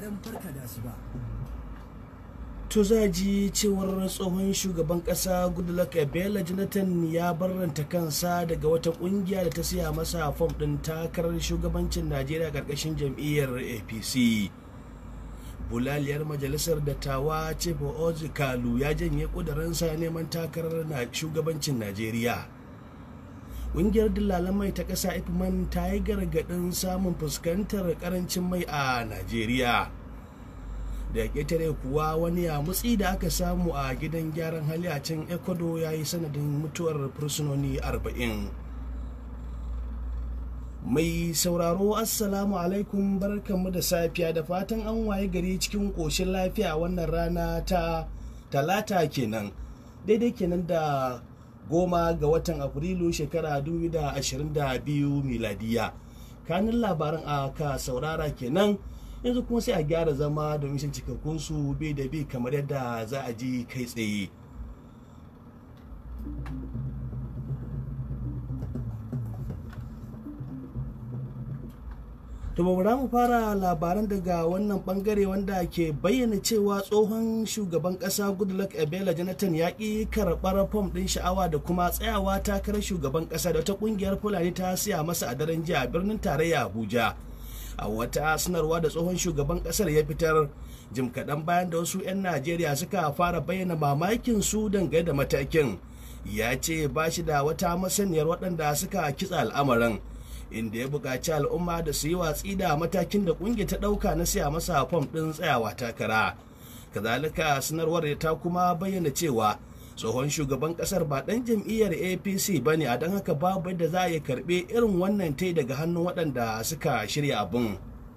ba farka da su ba to za ji cewar tsohon shugaban ƙasa, goodluck abela jonathan ya barranta kansa daga wata kungiya da ta siya masa fom ɗin takarar shugabancin najeriya karkashin jam'iyyar apc bulaliyar majalisar dattawa cefa ozikalu ya janye kudurinsa neman takarar shugabancin najeriya Ƙungiyar dillalan mai ta ƙasa Ifman ta yi gargaɗin samun fuskantar ƙarancin mai a Najeriya. Da ƙetare kuwa wani ya mutsi da aka samu a gidan gyaran hali a can Ecuador ya yi sanadin mutuwar fursunoni 40. mai sauraro assalamu alaikum barkanmu da safiya da fatan an waye gari cikin ƙoshin lafiya wannan rana ta talata kenan daidai kenan da goma ga watan afrilu shekara 2022 miladiya kanin labaran a ka saurara kenan yanzu kuma sai a gyara zama domin shan cikakkun su bai da bi kamar yadda za a ji kai tsaye To bara mu fara labaran daga wannan bangare wanda ke bayyana cewa tsohon shugaban kasa Goodluck abela Jonathan ya ki karɓar fom ɗin sha'awa da kuma tsayawa takarar shugaban kasa da wata ƙungiyar Fulani ta siya masa a daren jiya birnin tarayya Abuja. a wata sanarwa da tsohon shugaban kasar ya fitar jim kaɗan bayan da wasu 'yan najeriya suka fara bayyana mamakin su dangane da matakin ya ce ba shi da wata masaniyar waɗanda suka kitsa al'amarin inda ya buƙaci al'umma da su yi watsi da matakin da ƙungiyar ta ɗauka na siya masa fom ɗin tsayawa takara kazalika sanarwar ta kuma bayyana cewa tsohon shugaban ƙasar ba dan jam'iyyar apc ba ne a don haka babu da za ya karbe irin wannan tai daga hannun waɗanda suka shirya abin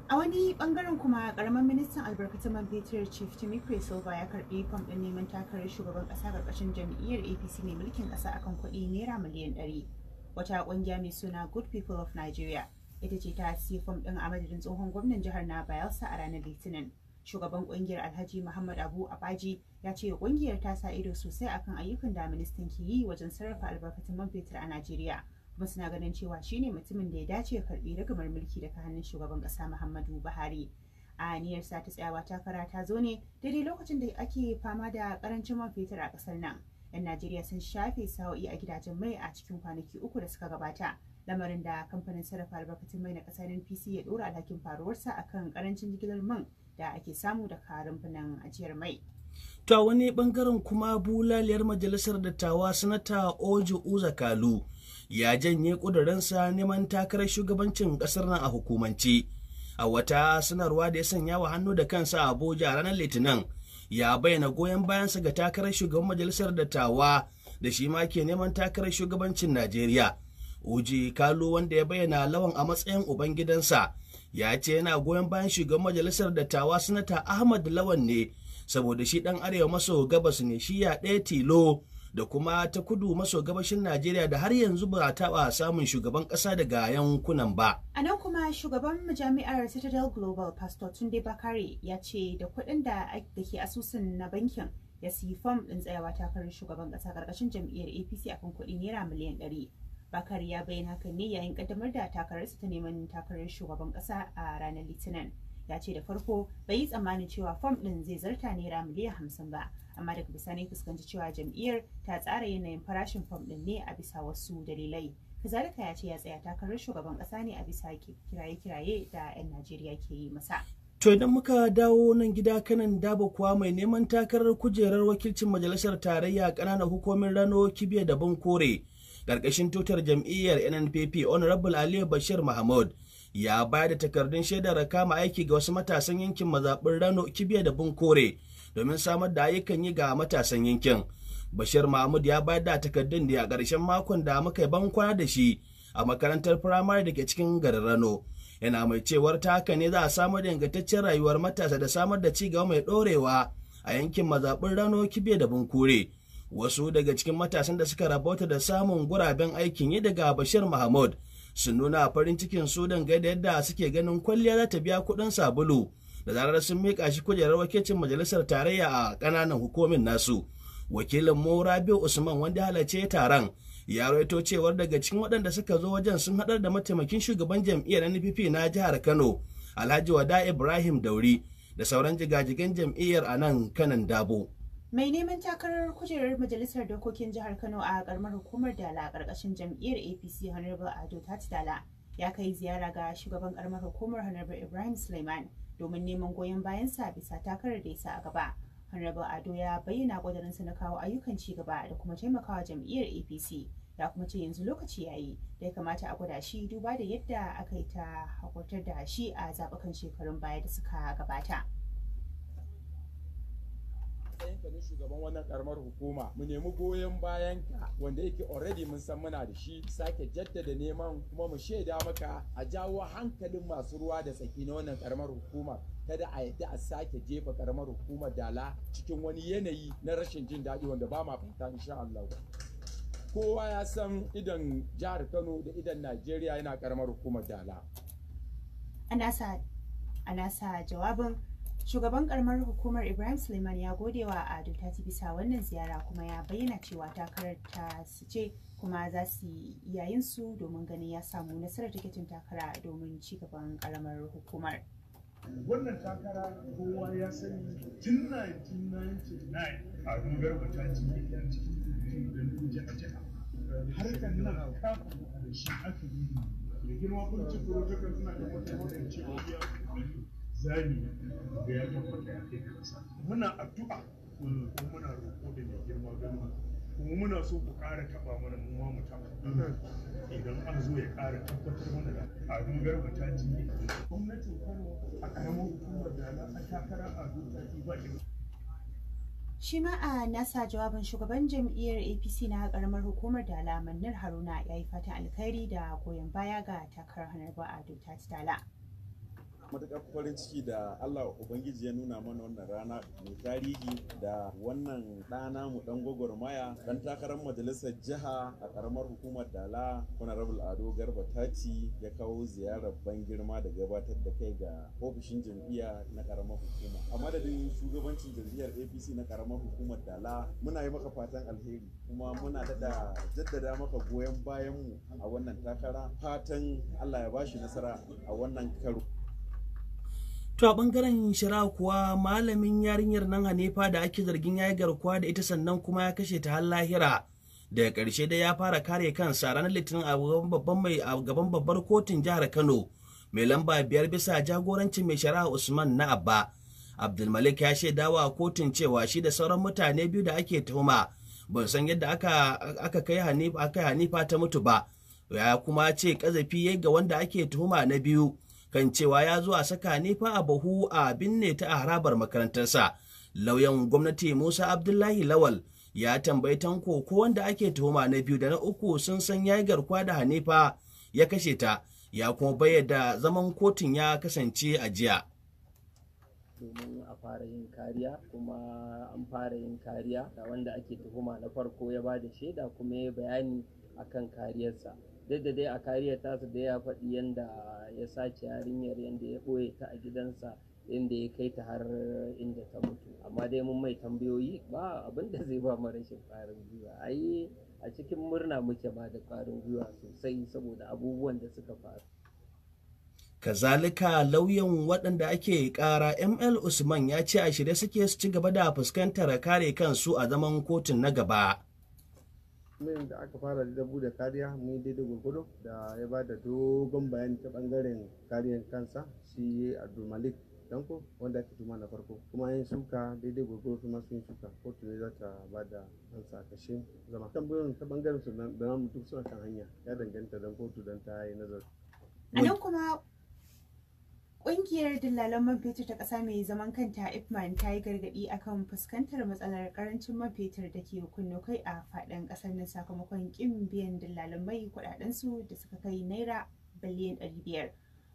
a wani bangaren kuma karamin ministan albarkatun man fetur chief timothy silva ya karbi fom din neman takarar shugaban kasa karkashin jam'iyyar apc mai mulkin kasa akan kuɗi naira miliyan ɗari wata kungiya mai suna Good People of Nigeria ita ce ta siyi fom din a madadin tsohon gwamnan jihar na Bayelsa a ranar Litinin. Shugaban kungiyar Alhaji Muhammad Abu Abaji ya ce kungiyar ta sa ido sosai akan ayyukan da ministan ke yi wajen sarrafa albarkatun man fetur a Najeriya. Kuma suna ganin cewa shine mutumin da ya dace ya karbi ragamar mulki daga hannun shugaban ƙasa Muhammadu Buhari. a aniyar sa ta tsayawa takara ta zo ne daidai lokacin da ake fama da karancin man fetur a ƙasar nan 'yan najeriya sun shafe sa'o'i a gidajen mai a cikin kwanaki uku da suka gabata lamarin da kamfanin sarrafa albarkatun mai na ƙasa npc ya dora alhakin faruwarsa a kan karancin jigilar man da ake samu da daga rumfunan ajiyar mai To wani bangaren kuma bulaliyar majalisar dattawa sanata Ojo Uzakalu ya janye kudurinsa neman takarar shugabancin kasar nan a hukumance. A wata sanarwa da ya sanya wa hannu da kansa a Abuja ranar Litinin ya bayyana goyon bayansa ga takarar shugaban majalisar dattawa da shi ma ke neman takarar shugabancin Najeriya. Uji Kalu wanda ya bayyana lawan a matsayin uban gidansa, ya ce yana goyon bayan shugaban majalisar dattawa sanata Ahmad Lawan ne saboda shi dan arewa maso gabas ne shi ya ɗaya tilo da kuma ta kudu maso gabashin Najeriya da har yanzu ba taɓa samun shugaban ƙasa daga yankunan ba. A nan kuma shugaban majami'ar Citadel Global Pastor Tunde Bakare ya ce da kuɗin da ke asusun na bankin ya siyi fom ɗin tsayawa takarar shugaban ƙasa ƙarƙashin jam'iyyar APC akan kuɗi naira miliyan ɗari. Bakare ya bayyana haka ne yayin ƙaddamar da takararsa ta neman takarar shugaban ƙasa a ranar Litinin. ya ce da farko bai yi tsammanin cewa fom ɗin zai zarta naira miliyan hamsin ba amma daga bisani fuskanci cewa jam'iyyar ta tsara yanayin farashin fom ɗin ne a bisa wasu dalilai kazalika ya ce ya tsaya takarar shugaban ƙasa ne a bisa kiraye-kiraye da 'yan najeriya ke yi masa To idan muka dawo nan gida kanan daba kuwa mai neman takarar kujerar wakilcin majalisar tarayya ƙananan hukumin rano kibiya da bankore karkashin tutar jam'iyyar NNPP Honorable Aliyu Bashir Mahmud ya bayar da takardun shaidar da kama aiki ga wasu matasan yankin mazaɓin Rano Kibiya da Bunkore domin samar da ayyukan yi ga matasan yankin. Bashir Mahmud ya bayar da takardun da a ƙarshen makon da muka ban kwana da shi a makarantar firamare da ke cikin garin Rano. Yana mai cewar ta haka ne za a samar da ingantaccen rayuwar matasa da samar da cigaba mai ɗorewa a yankin mazaɓin Rano Kibiya da Bunkure. Wasu daga cikin matasan da suka rabauta da samun guraben aikin yi daga Bashir Mahmud. sun nuna farin cikin su dangane da yadda suke ganin kwalliya za ta biya kuɗin sabulu da zarar sun miƙa shi kujerar wakilcin majalisar tarayya a ƙananan hukumin nasu wakilin mu rabiu usman wanda halarce taron ya rawaito cewar daga cikin waɗanda suka zo wajen sun haɗar da mataimakin shugaban jam'iyyar npp na jihar kano alhaji wada ibrahim dauri da sauran jigajigan jam'iyyar a nan kanan dabo mai neman takarar kujerar majalisar dokokin jihar kano a karamar hukumar dala a karkashin jam'iyyar apc honorable ado Dala, ya kai ziyara ga shugaban karamar hukumar honorable ibrahim suleiman domin neman goyon bayansa bisa takarar da yasa a gaba honorable ado ya bayyana ƙudurinsa na kawo ayyukan ci gaba da kuma taimakawa jam'iyyar apc ya kuma ce yanzu lokaci yayi da ya kamata a gwada shi duba da yadda aka yi ta hakurtar da shi a zaɓukan shekarun baya da suka gabata. matsayinka na shugaban wannan karamar hukuma mu nemi goyon bayanka wanda yake already mun san muna da shi sake jaddada neman kuma mu shaida maka a jawo hankalin masu ruwa da tsaki na wannan karamar hukuma kada a yadda a sake jefa karamar hukumar dala cikin wani yanayi na rashin jin daɗi wanda ba ma fata insha Allah. Kowa ya san idan jihar Kano da idan Najeriya yana karamar hukumar dala. Ana sa jawabin Shugaban karamar hukumar Ibrahim Suleiman ya gode wa Ado ta ci bisa wannan ziyara kuma ya bayyana cewa takarar ta su ce kuma za su yi yayin su domin ganin ya samu nasarar tikitin takara domin ci gaban karamar hukumar. Wannan takara kowa ya sani tun 1999 a dubar wata cikin yan cikin jiha jiha. Harkar nan kafin da shi aka yi da girma kun ci kuro takan suna da wata wata cewa ya zami da ya tabbata ya kai kansa muna addu'a kuma muna roƙo da mai girma gama kuma muna so ku ƙara taɓa mana mu ma mu taɓa idan an zo ya ƙara tabbatar mana da adu garba ta ji gwamnatin kano a ƙaramar hukumar da na a takarar adu ta ba ba shi ma a nasa jawabin shugaban jam'iyyar apc na karamar hukumar da alamannin haruna ya yi fatan alkhairi da goyon baya ga takarar hannar ba'adu ta tala matuƙar farin ciki da Allah Ubangiji ya nuna mana wannan rana mai tarihi da wannan ɗana mu ɗan gwagwarmaya ɗan takarar majalisar jiha a ƙaramar hukumar Dala Honorable Ado Garba taci ya kawo ziyarar ban girma da gabatar da kai ga ofishin jam'iyya na ƙaramar hukuma. A madadin shugabancin jam'iyyar APC na ƙaramar hukumar Dala muna yi maka fatan alheri kuma muna daɗa jaddada maka goyon bayanmu a wannan takara fatan Allah ya bashi nasara a wannan karo. To a bangaren shari'a kuwa malamin yarinyar nan Hanefa da ake zargin ya yi garkuwa da ita sannan kuma ya kashe ta har lahira. Daga ƙarshe dai ya fara kare kansa ranar Litinin a babban mai a gaban babbar kotun jihar Kano. Mai lamba biyar bisa jagorancin mai shari'a Usman na Abba. Abdulmalik ya shaidawa kotun cewa shi da sauran mutane biyu da ake tuhuma ban san yadda aka kai Hanifa Hanifa ta mutu ba. Ya kuma ce kazafi yayi ga wanda ake tuhuma na biyu. kan cewa ya zo a saka ne a bahu a binne ta a harabar makarantarsa lauyan gwamnati musa abdullahi lawal ya tambayi tanko ko wanda ake tuhuma na biyu da na uku sun san ya garkuwa da hanifa ya kashe ta ya kuma bayyada zaman kotun ya kasance a jiya domin a fara yin kariya kuma an fara yin kariya da wanda ake tuhuma na farko ya ba da shaida kuma ya bayani akan kariyarsa duk da dai a kariya ta su da ya faɗi yadda ya sace yarinyar yadda ya ɓoye ta a gidansa inda ya kai ta har inda ta mutu amma dai mun mai tambayoyi ba abin da zai ba mu rashin ƙwarin gwiwa Ayi, a cikin murna muke ba da ƙwarin gwiwa sosai saboda abubuwan da suka faru kazalika lauyan waɗanda ake ƙara ml usman ya ce a shirye suke su ci gaba da fuskantar kare kansu a zaman kotun na gaba mai da aka fara dabu da kariya mun yi daidai gwargwado da ya ba da dogon bayani ta bangaren kariyar kansa shi abdulmalik danko wanda ake tuma na farko kuma yin suka daidai gwargwado kuma sun suka kotu ne za ta ba da ansa kashe zama tambayoyin ta bangaren su da mutum suna kan hanya ya danganta don kotu dan ta yi nazari a nan kuma Ƙungiyar dillalan man fetur ta ƙasa mai zaman kanta IFMAN ta yi gargaɗi akan fuskantar matsalar ƙarancin man fetur da ke kunno kai a faɗin ƙasar nan sakamakon ƙin biyan dillalan mai kuɗaɗensu da suka kai naira biliyan ɗari biyar.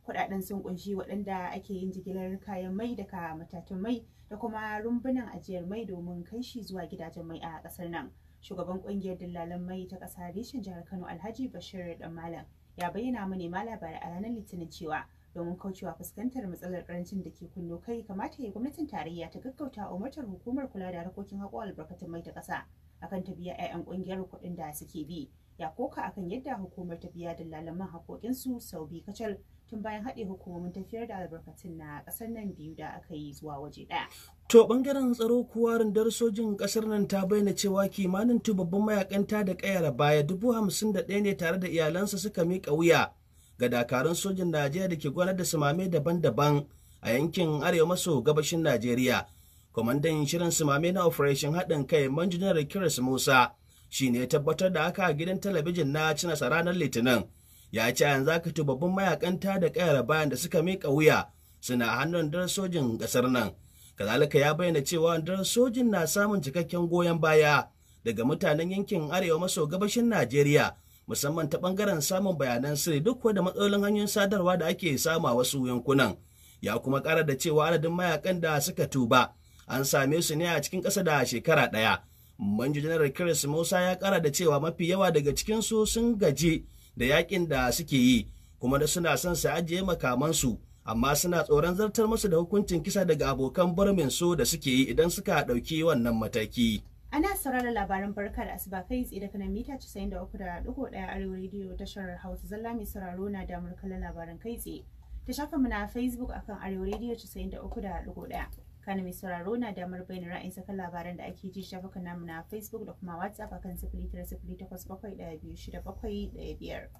Kuɗaɗen sun ƙunshi waɗanda ake yin jigilar kayan mai daga matatun mai da kuma rumbunan ajiyar mai domin kai shi zuwa gidajen mai a ƙasar nan. Shugaban ƙungiyar dillalan mai ta ƙasa reshen jihar Kano Alhaji Bashir Ɗanmalan ya bayyana manema labarai a ranar Litinin cewa domin kaucewa fuskantar matsalar karancin da ke kunno kai kamata ya gwamnatin tarayya ta gaggauta umartar hukumar kula da harkokin haƙo albarkatun mai ta ƙasa akan ta biya 'ya'yan ƙungiyar kuɗin da suke bi ya koka akan yadda hukumar ta biya dalalan su sau biyu kacal tun bayan haɗe hukumomin tafiyar da albarkatun na ƙasar nan biyu da aka yi zuwa waje ɗaya. To bangaren tsaro kuwa rundar sojin ƙasar nan ta bayyana cewa kimanin mayakan mayakanta da ƙayar baya dubu hamsin da ɗaya ne tare da iyalansa suka miƙa wuya. ga dakarun sojin Najeriya da ke gwanar da sumame daban-daban a yankin arewa maso gabashin Najeriya. Kwamandan shirin sumame na Operation haɗin kai Manjinar Kiris Musa shi ne tabbatar da haka a gidan talabijin na cinasa ranar Litinin. Ya ce yanzu aka babban mayakan ta da kayar bayan da suka miƙa wuya suna hannun dar sojin ƙasar nan. Kazalika ya bayyana cewa dar sojin na samun cikakken goyon baya daga mutanen yankin arewa maso gabashin Najeriya musamman ta bangaren samun bayanan sirri duk da matsalolin hanyoyin sadarwa da ake samu a wasu yankunan ya kuma kara da cewa adadin mayakan da suka tuba an same su ne a cikin ƙasa da shekara ɗaya manji janar chris musa ya kara da cewa mafi yawa daga su sun gaji da yakin da suke yi kuma da suna son su ajiye makamansu amma suna tsoron zartar musu da hukuncin kisa daga abokan barmin su da suke yi idan suka ɗauki wannan mataki. Ana sauraron labaran barka da asuba kai tsaye da kanan mita 93.1 Arewa Radio tashar Hausa zalla mai sauraro na damar kallon labaran kai tsaye. Ta shafa mu na Facebook akan Arewa Radio 93.1. Kana mai sauraro na damar bayyana ra'ayin sakan labaran da ake ji shafukan namu na Facebook da kuma WhatsApp akan 0908 bakwai ɗaya biyar.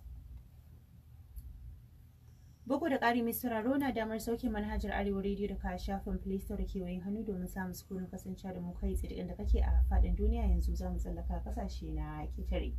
Bugu da ƙari mai sauraro na damar sauke manhajar Arewa Radio daga shafin Play Store da kewayen hannu domin samun sukunin kasance da mu kai tsiri da kake a faɗin duniya yanzu za mu tsallaka ƙasashe na ƙetare.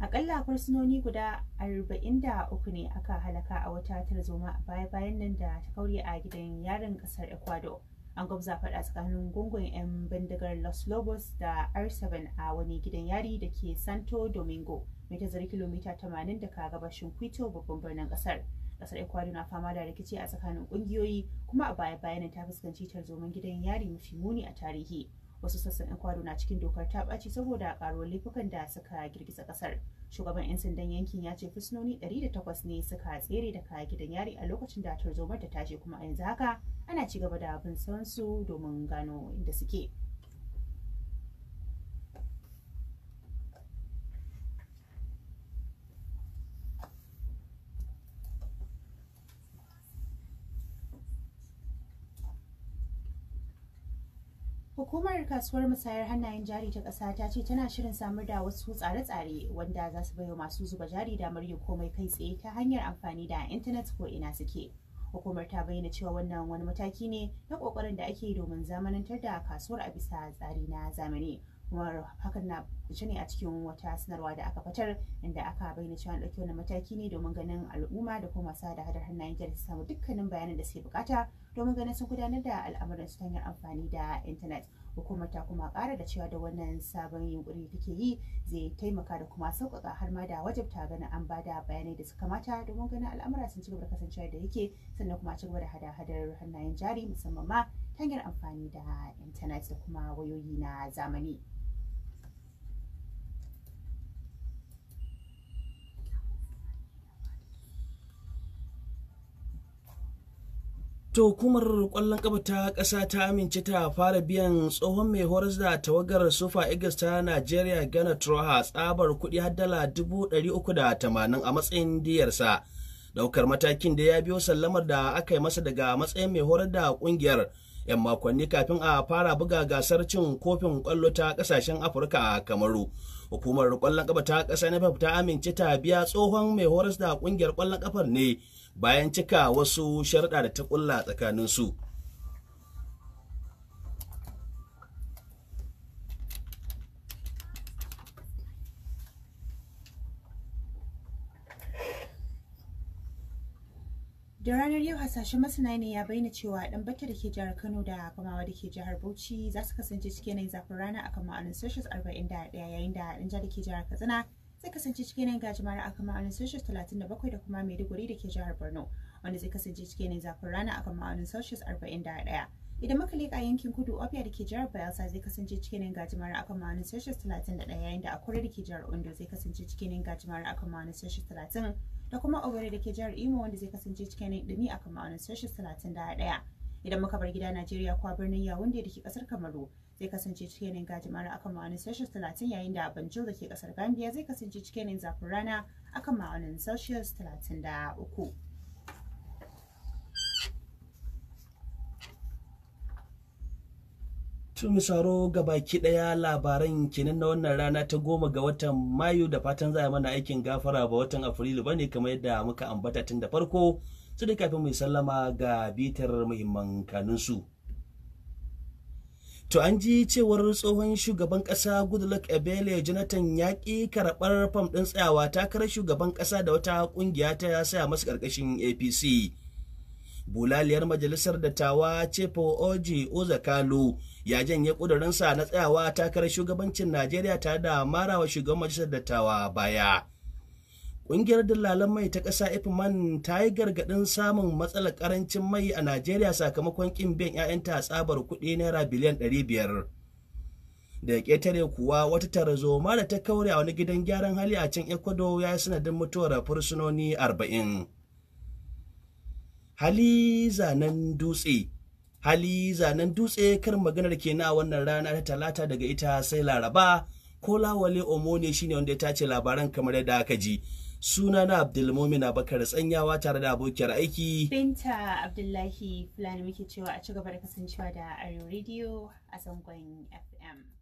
Aƙalla fursunoni guda arba'in da uku ne aka halaka a wata tarzoma a baya-bayan nan da ta kauye a gidan yarin ƙasar Ecuador. An gwabza faɗa tsakanin gungun 'yan bindigar Los Lobos da R7 a wani gidan yari da ke Santo Domingo. mai tazarar kilomita 80 daga gabashin Kwito babban birnin kasar. Kasar Ecuador na fama da rikici a tsakanin kungiyoyi kuma a baya bayan ta fuskanci tarzoman gidan yari mafi muni a tarihi. Wasu sassan Ecuador na cikin dokar ta ɓaci saboda karuwar laifukan da suka girgiza kasar. Shugaban 'yan sandan yankin ya ce fusnoni 108 ne suka tsere daga gidan yari a lokacin da tarzomar ta tashi kuma a yanzu haka ana ci gaba da bin su domin gano inda suke. Hukumar kasuwar musayar hannayen jari ta ƙasa ta ce tana shirin samar da wasu tsare-tsare wanda za su baiwa masu zuba jari da yin komai kai tsaye ta hanyar amfani da intanet ko ina suke. Hukumar ta bayyana cewa wannan wani mataki ne na ƙoƙarin da ake domin zamanantar da kasuwar a bisa tsari na zamani. Kuma hakan na fice ne a cikin wata sanarwa da aka fitar inda aka bayyana cewa an ɗauki wannan mataki ne domin ganin al'umma da kuma sa da hadar hannayen jari su samu dukkanin bayanan da suke bukata domin ganin sun gudanar da al'amuransu ta hanyar amfani da intanet. hukumar ta kuma kara da cewa da wannan sabon yunkuri take yi zai taimaka da kuma sauƙaƙa har ma da wajibta ganin an ba da bayanai da suka mata domin ganin al'amura sun ci gaba da kasancewa da yake sannan kuma ci gaba da hada-hadar hannayen jari musamman ma ta hanyar amfani da intanet da kuma wayoyi na zamani. To hukumar kwallon kafa ta ƙasa ta amince ta fara biyan tsohon mai horas da tawagar Super Eagles ta Najeriya Ghana Troha tsabar kuɗi har dala dubu ɗari uku da tamanin a matsayin diyarsa. Daukar matakin da ya biyo sallamar da aka yi masa daga matsayin mai horar da ƙungiyar 'yan makonni kafin a fara buga gasar cin kofin kwallo ta ƙasashen Afirka a Kamaru. Hukumar kwallon kafa ta ƙasa na ta amince ta biya tsohon mai horas da ƙungiyar kwallon kafar ne bayan cika wasu sharɗa da ta ƙulla tsakanin su da ranar yau hasashen masana ne ya bayyana cewa ɗan bata da ke jihar kano da kamawa da ke jihar bauchi za su kasance cikin yanayin zafin rana a kan ma'anin celsius 41 yayin da jihar da ke jihar katsina zai kasance cikin yanayin a akan ma'aunin celsius 37 da kuma maiduguri da ke jihar borno wanda zai kasance cikin yanayin zafin rana akan ma'aunin celsius 41 idan muka leƙa yankin kudu obia da ke jihar bayelsa zai kasance cikin yanayin a akan ma'aunin celsius 31 yayin da akure da ke jihar ondo zai kasance cikin yanayin a akan ma'aunin celsius 30 da kuma obere da ke jihar imo wanda zai kasance cikin yanayin dumi akan ma'aunin celsius 31 idan muka bar gida najeriya kuwa birnin yawon da ke kasar kamaru zai kasance cikin yanayin gajimare akan ma'aunin celsius 30 yayin da banjul da ke kasar gambia zai kasance cikin yanayin zafin rana akan ma'aunin celsius uku. tun saro baki daya labaran kenan na wannan rana ta goma ga watan mayu da fatan za a mana aikin gafara ba watan afrilu bane kamar yadda muka ambata tun da farko su da kafin mai sallama ga bitar muhimman kanunsu. To an ji cewar tsohon shugaban ƙasa Goodluck Ebele Jonathan ya ƙi karɓar fam ɗin tsayawa takarar shugaban ƙasa da wata ƙungiya ta saya masu ƙarƙashin APC. Bulaliyar majalisar dattawa Cepo Oji Ozakalo ya janye ƙudurinsa na tsayawa takarar shugabancin Najeriya tare da marawa shugaban majalisar dattawa baya. Ƙungiyar dillalan mai ta ƙasa Ifman ta yi gargaɗin samun matsalar ƙarancin mai a Najeriya sakamakon ƙin biyan 'ya'yanta tsabar kuɗi naira biliyan 500. Da ƙetare kuwa wata tarzoma da ta kaure a wani gidan gyaran hali a can Ecuador ya yi sanadin mutuwar fursunoni arba'in. Hali zanen dutse. hali zanen dutse kar maganar ke na wannan rana ta talata daga ita sai laraba ko lawale omo ne shine wanda ya tace labaran kamar yadda aka ji suna na abdulmumin abakar tsanyawa tare da abokiyar aiki binta abdullahi fulani muke cewa a ci gaba da kasancewa da arewa radio a zangon fm